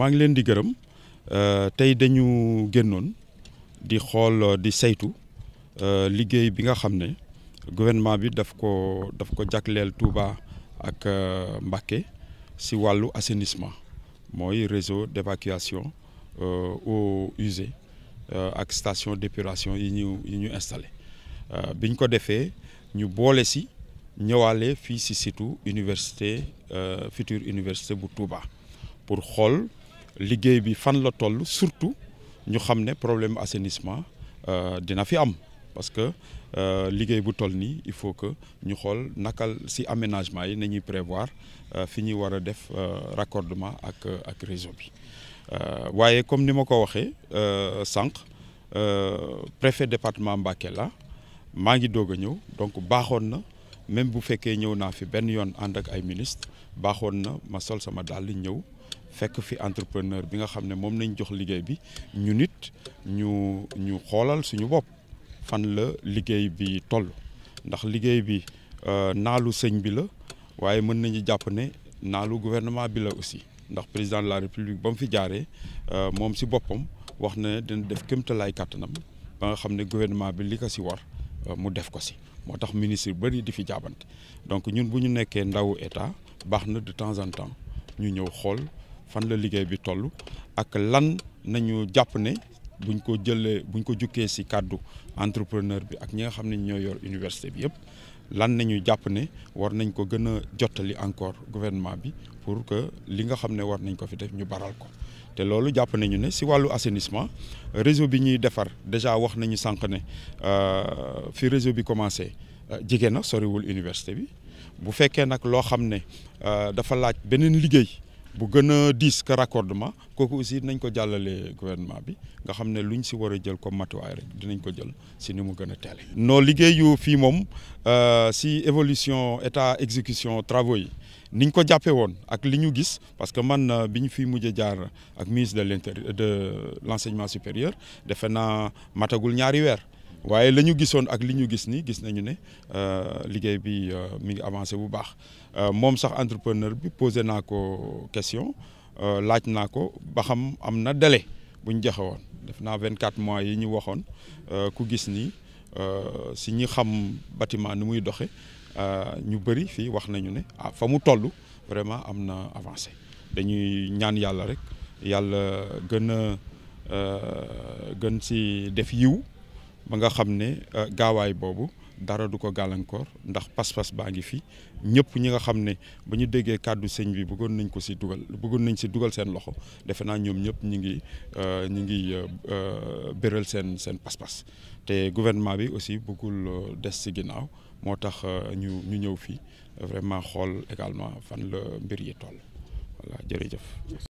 maa ngi leen di gërëm euh, tey dañu génnoon di xool di saytu euh, liggéey bi nga xam ne gouvernement bi daf ko daf ko jagleel Touba ak euh, Mbacké si wàllu assainissement mooy réseau d'évacuation eaux usées ak station d'épuration yi ñu yi ñu installé biñ ko defee ñu boole si ñëwaale fii si situ université future université bu Touba pour xool liggéey bi fan la toll surtout ñu xam ne problème assainissement euh, dina fi am parce que euh, liggéey bu toll nii il faut que ñu xool nakal si aménagement yi na nañuy prévoir euh, fi ñuy war a def raccordement ak ak réseau bi waaye comme ni ma ko waxee sànq préfet département Mbacké la maa ngi doog a ñëw donc baaxoon na même bu fekkee ñëw naa fi benn yoon ànd ak ay ministre baaxoon na ma sol sama dàll ñëw fekk fi entrepreneur bi nga xam ne moom nañ jox liggéey bi ñu nit ñu ñu xoolal suñu bopp fan la liggéey bi toll ndax liggéey bi euh, naalu sëñ bi la waaye mën nañu jàpp ne naalu gouvernement bi la aussi ndax président de la république ba mu fi jaaree euh, moom si boppam wax na dina def kémtalaay kàttanam ba nga xam ne gouvernement bi li ko si war Euh, mu def ko si moo tax ministre bëri di fi jaabante donc ñun bu ñu nekkee ndaw état baax na de temps en temps ñu ñëw xool fan la liggéey bi toll ak lan nañu jàpp ne buñ ko jëlee buñ ko jukkee ci kàddu entrepreneur bi ak ñi nga xam ne ñoo yor université bi yëpp lan nañu jàpp ne war nañ ko gën a jottali encore gouvernement bi pour que li nga xam ne war nañ ko fi def ñu baral ko te loolu jàpp nañu ne si wàllu assainissement réseau bi ñuy defar déjà wax nañu sànq ne euh, fi réseau bi commencé euh, jigéen na soriwul université bi bu fekkee nag loo xam ne euh, dafa laaj beneen liggéey bu gën a diis que raccordement kooku aussi dinañ ko jàllale gouvernement bi nga xam ne lu ñu si war a jël comme matuwaay rek dinañ ko jël si nu mu gën a teele non liggéeyu fii moom euh, si évolution état exécution travaux yi ni ñu ko jàppee woon ak li ñu gis parce que man euh, bi ñu fi mujjee jaar ak ministre de l'intérieur de l'enseignement supérieur defe naa matagul ñaari weer waaye la ñu gisoon ak li ñu gis nii gis nañu ne euh, liggéey bi euh, mi ngi avancé bu baax euh, moom sax entrepreneur bi posé naa ko question laaj naa ko ba xam am na délai bu ñu joxe woon def naa vingt quatre mois yi ñu waxoon ku gis nii si ñi xam bâtiment ni muy doxe ñu bëri fii wax nañu ne ah fa mu toll vraiment am na avancé dañuy ñaan yàlla rek yàlla gën a gën si def yiw ba nga xam ne euh, gaawaay boobu dara du ko gàllankoor ndax pas-pas baa ngi fi ñëpp ñi nga xam ne ba ñu déggee kàddu sëñ bi bëggoon nañ ko si dugal bëggoon nañ si dugal seen loxo defe naa ñoom ñëpp ñu ngi euh, ñi ngi euh, béral seen seen pas te gouvernement bi aussi bëggul des si ginnaaw moo tax ñu ñu ñëw fii vraiment xool également fan la mbir yi toll voilà jërëjëf